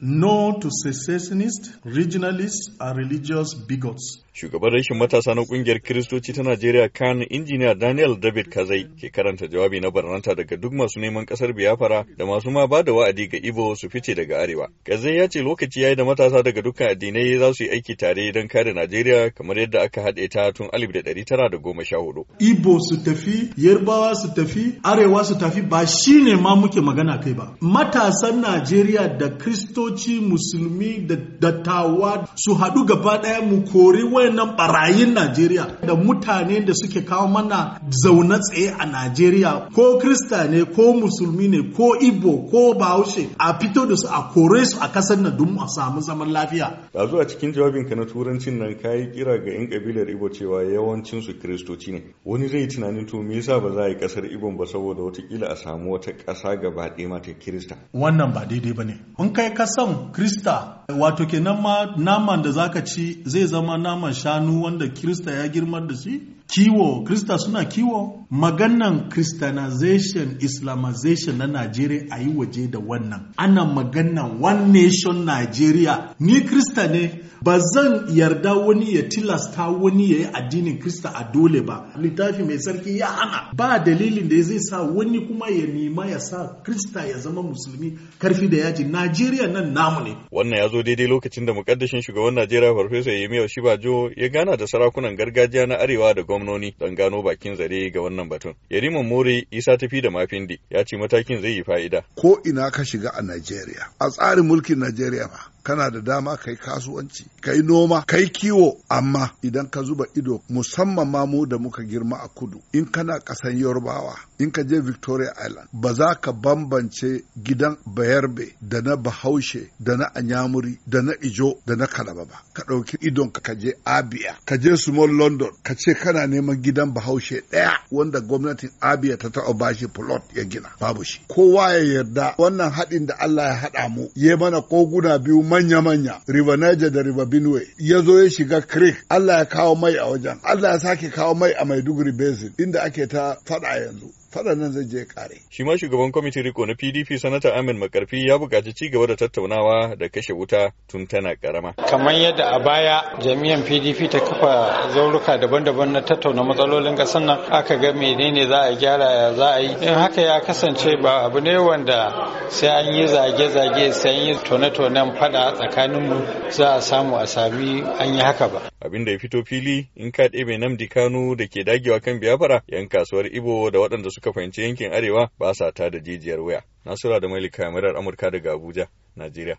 No to secessionist, regionalists are religious bigots. Shugaban rashin matasa na kungiyar Kiristoci ta Najeriya kan injiniya Daniel David Kazai ke karanta jawabi na barnanta daga duk masu neman kasar Biafra da masu ma ba da wa'adi ga Ibo su fice daga Arewa. Kazai ya ce lokaci ya yi da matasa daga dukkan addinai za su yi aiki tare don kare Najeriya kamar yadda aka haɗe ta tun alif da da tara goma sha hudu. Ibo su tafi, Yarbawa su tafi, Arewa su tafi ba shi ne ma muke magana kai ba. Matasan Najeriya da Kiristo kiristoci musulmi da dattawa su haɗu gaba ɗaya mu kori wayannan barayin najeriya da mutane da suke kawo mana zaune tsaye a najeriya ko krista ne ko musulmi ne ko ibo ko bahaushe a fito da su a kore su a kasar na don a samu zaman lafiya a cikin cikin ka na turancin nan ka yi kira ga 'yan kabilar ibo cewa yawancin su kiristoci ne wani zai tunanin to me yasa ba za a yi kasar Ibo ba saboda wata watakila a samu wata ƙasa gaba ɗaya mata kirista wannan ba daidai ba ne in kai kasa son krista wato kenan ma naman da zaka ci zai zama naman shanu wanda krista ya girmar da shi kiwo krista suna kiwo maganan christianization islamization na najeriya a yi waje da wannan ana maganan one nation Nigeria. ni krista ne ba zan yarda wani ya tilasta wani ya yi addinin krista a dole ba littafi mai sarki ya ana. ba dalilin da zai sa wani kuma ya nima ya sa krista ya zama musulmi karfi da yaji najeriya nan namu ne wannan ya zo daidai lokacin da mukaddashin shugaban najeriya farfesa yemi jo ya gana da sarakunan gargajiya na arewa da gwamnoni don gano bakin zare ga wannan batun. Yarima More Isa tafi da Mafindi ya ce matakin zai yi fa'ida. Ko ina ka shiga a Najeriya, a tsarin mulkin Najeriya ba. kana da dama ka yi kasuwanci ka yi noma ka yi kiwo amma idan ka zuba ido musamman ma mu da muka girma a kudu in kana kasan Yorubawa in ka je victoria island ba za ka bambance gidan bayarbe da na bahaushe da na anyamuri da na ijo da na kalaba ba ka ɗauki idon ka je abia ka je small london ka ce kana neman gidan bahaushe ɗaya wanda gwamnatin abia ta taɓa bashi plot ya gina babu shi kowa ya yarda wannan haɗin da allah ya haɗa mu ya mana koguna biyu manya-manya river niger da river benue ya zo ya shiga creek allah ya kawo mai a wajen allah ya sake kawo mai a maiduguri basin inda ake ta faɗa yanzu faɗan zai je kare. Shi ma shugaban kwamitin riko na PDP sanata Amin Makarfi ya buƙaci ci gaba da tattaunawa da kashe wuta tun tana karama. Kamar yadda a baya jami'an PDP ta kafa zauruka daban-daban na tattauna matsalolin ƙasar nan aka ga menene za a gyara ya za a yi. In haka ya kasance ba abu ne wanda sai an yi zage-zage sai an yi tone-tonen faɗa tsakaninmu za a samu a sami an yi haka ba. Abin da ya fito fili in ka ɗebe Namdi Kano da ke dagewa kan biyafara 'yan kasuwar Ibo da waɗanda suka suka fahimci yankin arewa ba sa da jijiyar waya Nasura da Malika Murar Amurka daga Abuja, Najeriya.